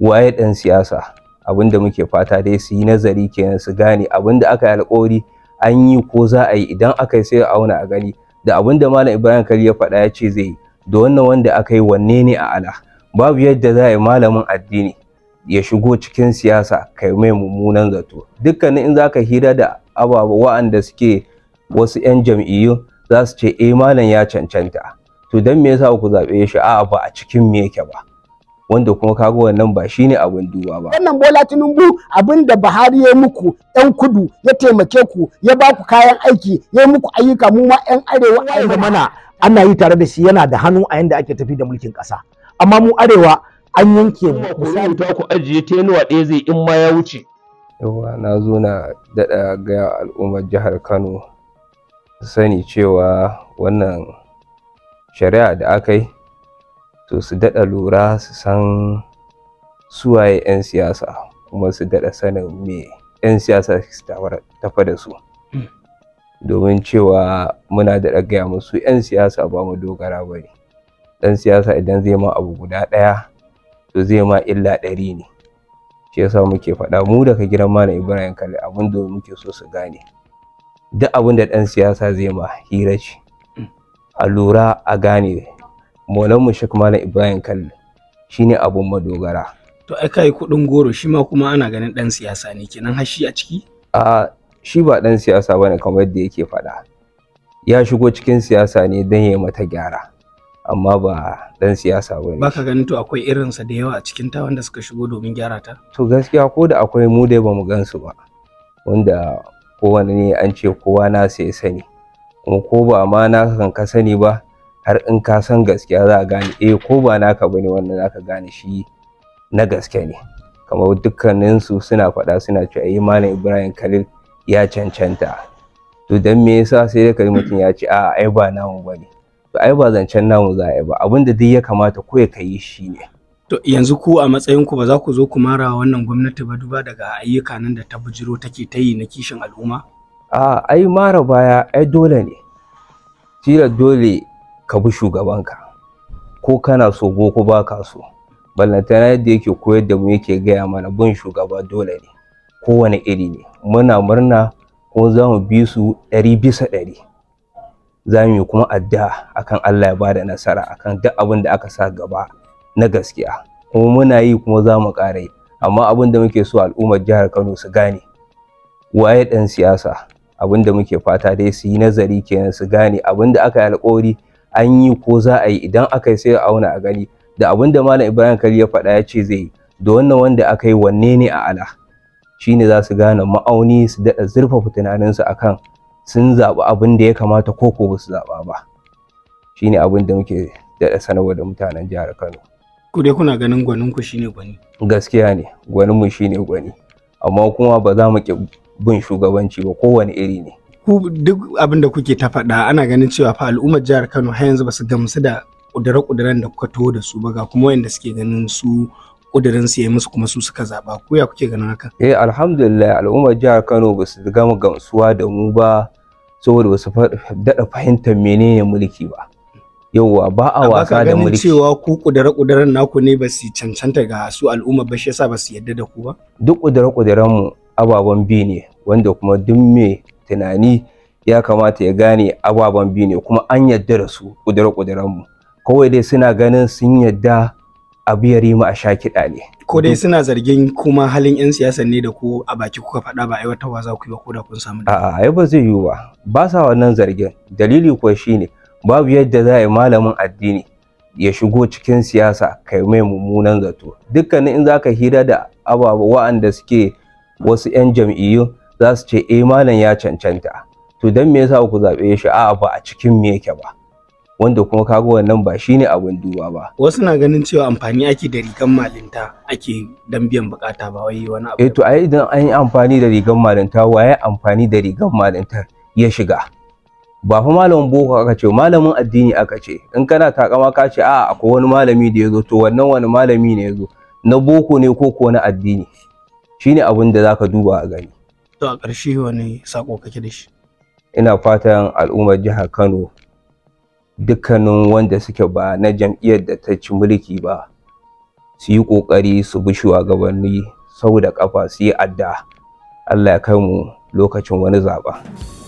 waye ɗan siyasa abin da muke fata dai su yi nazari kenan su gane abin da aka yi alƙawari an yi ko za a yi idan aka yi sai a auna a gani da abin da malam ibrahim kali ya faɗa ya ce zai yi da wannan wanda aka yi wanne ne a ala babu yadda za a yi malamin addini ya shigo cikin siyasa kai mai mummunan zato dukkanin in zaka hira da ababa wa'anda suke wasu 'yan jam'iyyu za su ce eh malam ya cancanta to don me yasa ku zaɓe shi a'a ba a cikin me yake ba wanda kuma kaga wannan ba shine abin duba ba wannan bola tinubu abin da buhari ya muku yan kudu ya taimake ku ya ba ku kayan aiki ya muku ayyuka mu ma yan arewa a mana ana yi tare da shi yana da hannu a yanda ake tafi da mulkin ƙasa, amma mu arewa an yanke mu kusa. ta ku ajiye tenuwa ɗaya zai in ma ya wuce yawa na zo na daɗa ga al'ummar jihar kano sani cewa wannan shari'a da akai. to su daɗa lura su san suwaye 'yan siyasa kuma su daɗa sanin me 'yan siyasa tafa da su hmm. domin cewa muna da gaya musu 'yan siyasa ba mu dogara ba ne ɗan siyasa idan zai ma abu guda ɗaya to zai ma illa ɗari ne shi yasa muke faɗa mu daga gidan mana ibrahim kalli abin da muke so su gane duk abin da ɗan siyasa zai ma hira ce hmm. a lura a gane mu Sheikh Malam Ibrahim Kalli shine abun madogara. To ai kai kuɗin goro shi ma kuma ana ganin ɗan siyasa ne kenan har shi a ciki? A shi ba dan siyasa bane kamar yadda yake faɗa. Ya shigo cikin siyasa ne dan ya mata gyara. amma ba dan siyasa ba ne. Baka ganin to akwai irinsa da yawa a cikin ta wanda suka shigo domin gyara ta? To gaskiya ko da akwai mu dai bamu mu gansu ba. Wanda kowane ne an ce kowa na sai sani. Kuma ko ba ma na kan ka sani ba har in ka san gaskiya za a gane eh ko ba naka bane wannan zaka gane shi na gaske ne kamar dukkanin su suna faɗa suna cewa eh malam Ibrahim Khalil ya cancanta to dan me yasa sai da kai mutum ya ce a ai ba namu bane to ai ba zancen namu za a yi ba abinda duk ya kamata ko ya kai shi ne to yanzu ku a matsayin ku ba za ku zo ku mara wannan gwamnati ba duba daga ayyuka nan da ta bujiro take ta yi na kishin al'umma a ai mara baya ai dole ne Tira dole ka bi shugabanka ko kana so ko ko baka so ballantana yadda yake koyar da mu yake gaya mana bin shugaba dole ne kowane iri ne muna murna ko za mu bi su ɗari bisa ɗari za mu yi kuma addu'a akan Allah ya bada nasara akan duk abin da aka sa gaba na gaskiya kuma muna yi kuma za mu ƙara amma abin da muke so al'ummar jihar Kano su gane waye ɗan siyasa abin da muke fata dai su yi nazari kenan su gane abin da aka yi alƙawari an yi ko za a yi idan aka yi sai a auna a gani da abin da malam ibrahim kari ya faɗa ya ce zai yi da wannan wanda aka yi wanne ne a ala shine za su gane ma'auni su daɗa zurfafa tunaninsu akan sun zaɓi abin da ya kamata ko ko ba su zaɓa ba shine abin da muke daɗa sanarwa da mutanen jihar kano ku dai kuna ganin gwanin ku shine gwani gaskiya ne gwanin mu shine gwani amma kuma ba za mu ki bin shugabanci ba kowane iri ne ku duk abin da kuke ta faɗa ana ganin cewa fa al'ummar jihar Kano har yanzu basu su gamsu da kudure kudaran da kuka taho da su ba ga kuma wanda suke ganin su kudirin su ya musu kuma su suka zaba ko ya kuke ganin haka eh alhamdulillah al'ummar jihar Kano ba su gama gamsuwa da mu ba saboda ba su daɗa fahimtar menene mulki ba yauwa ba a wasa da mulki cewa ku kudare kuduren naku ne basu cancanta ga su al'umma ba shi yasa basu su yadda da ku ba duk kudure-kuduren mu ababen bi ne wanda kuma duk me tunani ya kamata ya gane ababen biyu ne kuma an yadda da su kudura-kuduran mu kawai dai suna ganin sun yadda abu ya rima a sha kiɗa ne. Ko dai suna zargin kuma halin 'yan siyasa ne da ku a baki kuka faɗa ba aiwatarwa za ku yi ba ko da kun samu da. A'a ai ba zai yiwu ba ba sa wannan zargin dalili kuwa shine babu yadda za a yi malamin addini ya shigo cikin siyasa kai mai mummunan zato dukkanin in za ka hira da ababa wa'anda suke wasu 'yan jam'iyyu za su ce eh malam ya cancanta to dan me yasa ku zabe shi a'a ba a cikin me yake ba wanda kuma kaga wannan ba shine abin duba ba wasu na ganin cewa amfani ake da rigan malinta ake dan biyan bukata ba wai wani abu eh to ai idan an yi amfani da rigan malinta waye amfani da rigan malinta ya shiga ba fa malamin boko aka ce malamin addini aka ce in kana takama ka ce a'a akwai wani malami da yazo to wannan wani malami ne yazo na boko ne ko ko na addini shine abin da zaka duba a gani to a ƙarshe wani sako kake da shi ina fatan al'ummar jihar Kano dukkanin wanda suke ba na jam'iyyar da ta ci mulki ba su yi ƙoƙari su bi shugabanni saboda da ƙafa su yi adda Allah ya kai mu lokacin wani zaɓa.